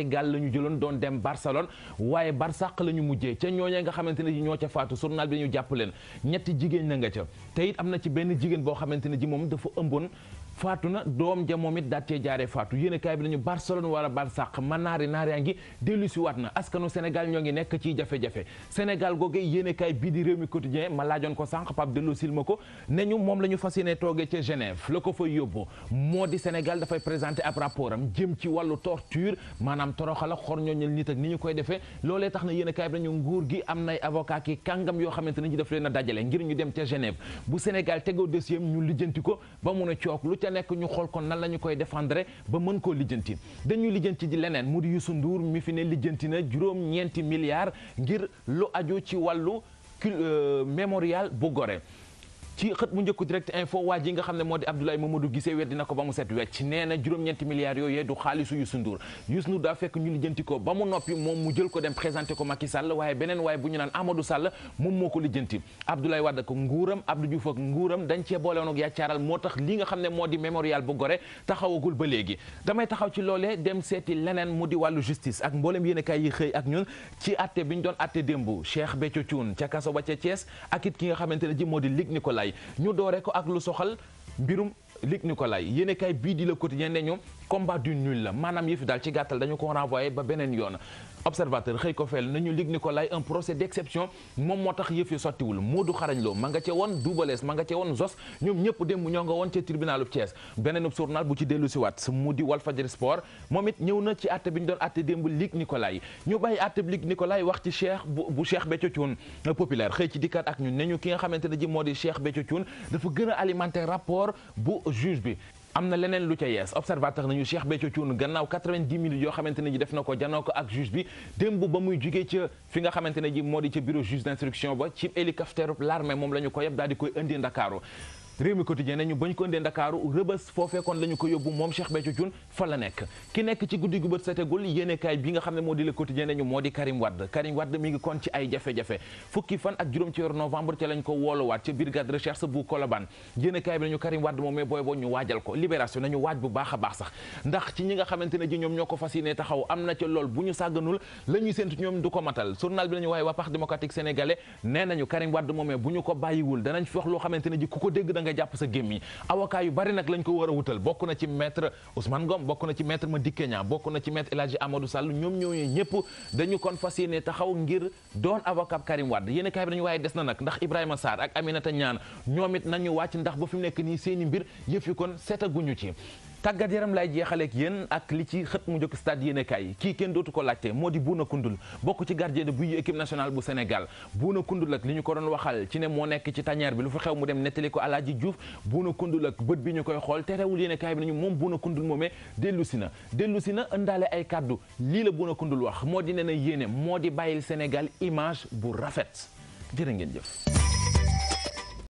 Sénégal la ñu jëloon doon dem Barcelone waaye barsàq la ñu mujjee ca ñooñee nga xamante ne ñoo ca faatu journal bi dañu jàpp leen ñetti jigéen na nga ca tey am na ci benn jigéen boo xamante ne ji moom dafa ëmboon faatu na doom ja moom it daat cee jaaree faatu yéen a kaay bi nañu Barcelone wala Barsàq man naari naaraa ngi dellu si waat na askanu Sénégal ñoo ngi nekk ci jafe-jafe Sénégal googe yéen a kaay bii di réew mi ma laajoon ko sànq Pape Dello Silma ko moom la ñu fas yéene toogee ca Genève la ko fa yóbbu moo di Sénégal dafay présenté ab rapport am jëm ci wàllu torture maanaam toroxal ak xor ñooñal nit ak ni ñu koy defee loolee tax na yéen a kaay bi nañu nguur gi am nay avocat ki kàngam yoo xamante ne ñi daf leen a dajale ngir ñu dem ca Genève bu Sénégal tegoo dossier ñu lijjanti ko ba mun a cook lu ca nekk ñu xool ko nan la ñu koy défendre ba mën koo lijjanti dañuy lijjanti di leneen mu di Youssou Ndour mi fi ne lijjanti na juróom-ñeenti milliards ngir lu aju ci wàllu euh, mémorial bu gore ci xët mu njëkku direct info waa ji nga xam ne moo di Abdoulaye Mamadou Guissé weddi na ko ba mu set wecc nee na juróom-ñeenti milliards yooyee du xaalisu Youssou Ndour Youssou Ndour daa fekk ñu lijjanti ko ba mu noppi moom mu jël ko dem présenté ko Macky Sall waaye beneen waaye bu ñu naan Amadou Sall moom moo ko lijjanti Abdoulaye Wade ak nguuram Abdou Diouf ak nguuram dañ cee boole woon ak yaccaaral moo tax li nga xam ne moo di mémorial bu Gorée taxawagul ba léegi damay taxaw ci loolee dem seeti leneen mu di wàllu justice ak mboolem yéenekaay yi xëy ak ñun doon atte démb Cheikh Béthio Thioune ca kaso ba ca Thiès ne moo di Luc Nicolaï Nicolai ñu doore ko ak lu soxal mbirum Luc Nicolai yéen kay bii di la quotidien ne ñu combat du nul la maanaam yëfi daal ci gàttal dañu ko renvoyé ba beneen yoon observateur xey ko fel nañu lig Nicolay un procès d'exception mom motax yeuf yëf soti wul Modou Xarañ Lo ma nga ca woon Doubalees ma nga ci won Zos ñoom ñëpp démb ñoo nga woon ca tribunalu Thiès beneen journal bu ci delu ci wat Sport momit it na ci àtte biñ doon àtte demb lig Nicolay ñu bay àtte bi lig Nicolay wax ci Cheikh bu Cheikh populaire xey ci dikat ak ñun ne ki nga xamante de ji Cheikh Béthio dafa alimenter rapport bu juge bi am na leneen lu ca yees observateur nañu Cheikh Béthio Thioune gannaaw 90 minutes yoo xamante ne ji def na ko janoo ko ak juge bi démb ba muy jugee ca fi nga xamante ne ji moo di ca bureau juge d'instruction ba ci hélicoptère l'armée moom la ñu ko yeb daal di koy indi Ndakaaru réew mi quotidien nañu bañ ko indee ndakaaru rëbës foofee kon la ñu ko yóbbu moom Cheikh Béthio Thioune fa la nekk ki nekk ci guddi gu setegul yéenekaay bi nga xam moo di le quotidien nañu moo ci ay jafe bu Colobane yéenekaay bi nañu Karim Wade moomee booy boo ñu waajal ko libération nañu waaj bu baax a baax sax ndax ci ñi nga xamante ne ji ñoom ñoo ko fas yéene taxaw am na ca lool bu ñu sàgganul la ñuy séntu ñoom du ko matal journal bi nañu waaye nga jàpp sa gémmiñ avocat yu bari nag lañ ko war a wutal bokk na ci maître Ousmane Ngom bokk na ci maître Madické Niang bokk na ci maître El Hadji Amadou Sall ñoom ñooñu ñëpp dañu kon fa yéene taxaw ngir doon avocat Karim Wade yéen kaay bi dañu waaye des na nag ndax Ibrahima Sarr ak Aminata ñaan ñoom it nañu wàcc ndax ba fi mu nekk nii seeni mbir yëf yi kon seetaguñu ci tàggat yaram laay jeexaleek yéen ak li ci xët mu njëkk stade yéene kaay yi kii kenn dootu ko laajte moo di Bouna Koundoul bokk ci gardien de but yu équipe nationale bu Sénégal Bouna Koundoul ak li ñu ko doon waxal ci ne moo nekk ci tanière bi lu fa xew mu dem nettali ko Alaaji Diouf Bouna Koundoul ak bët bi ñu koy xool terewul yéene kaay bi nañu moom Bouna Koundoul moomee dellu si na dellusi na indaale ay kàddu lii la Bouna Koundoul wax moo di ne na moo di bàyyil Sénégal image bu rafet jërë ngeen jëf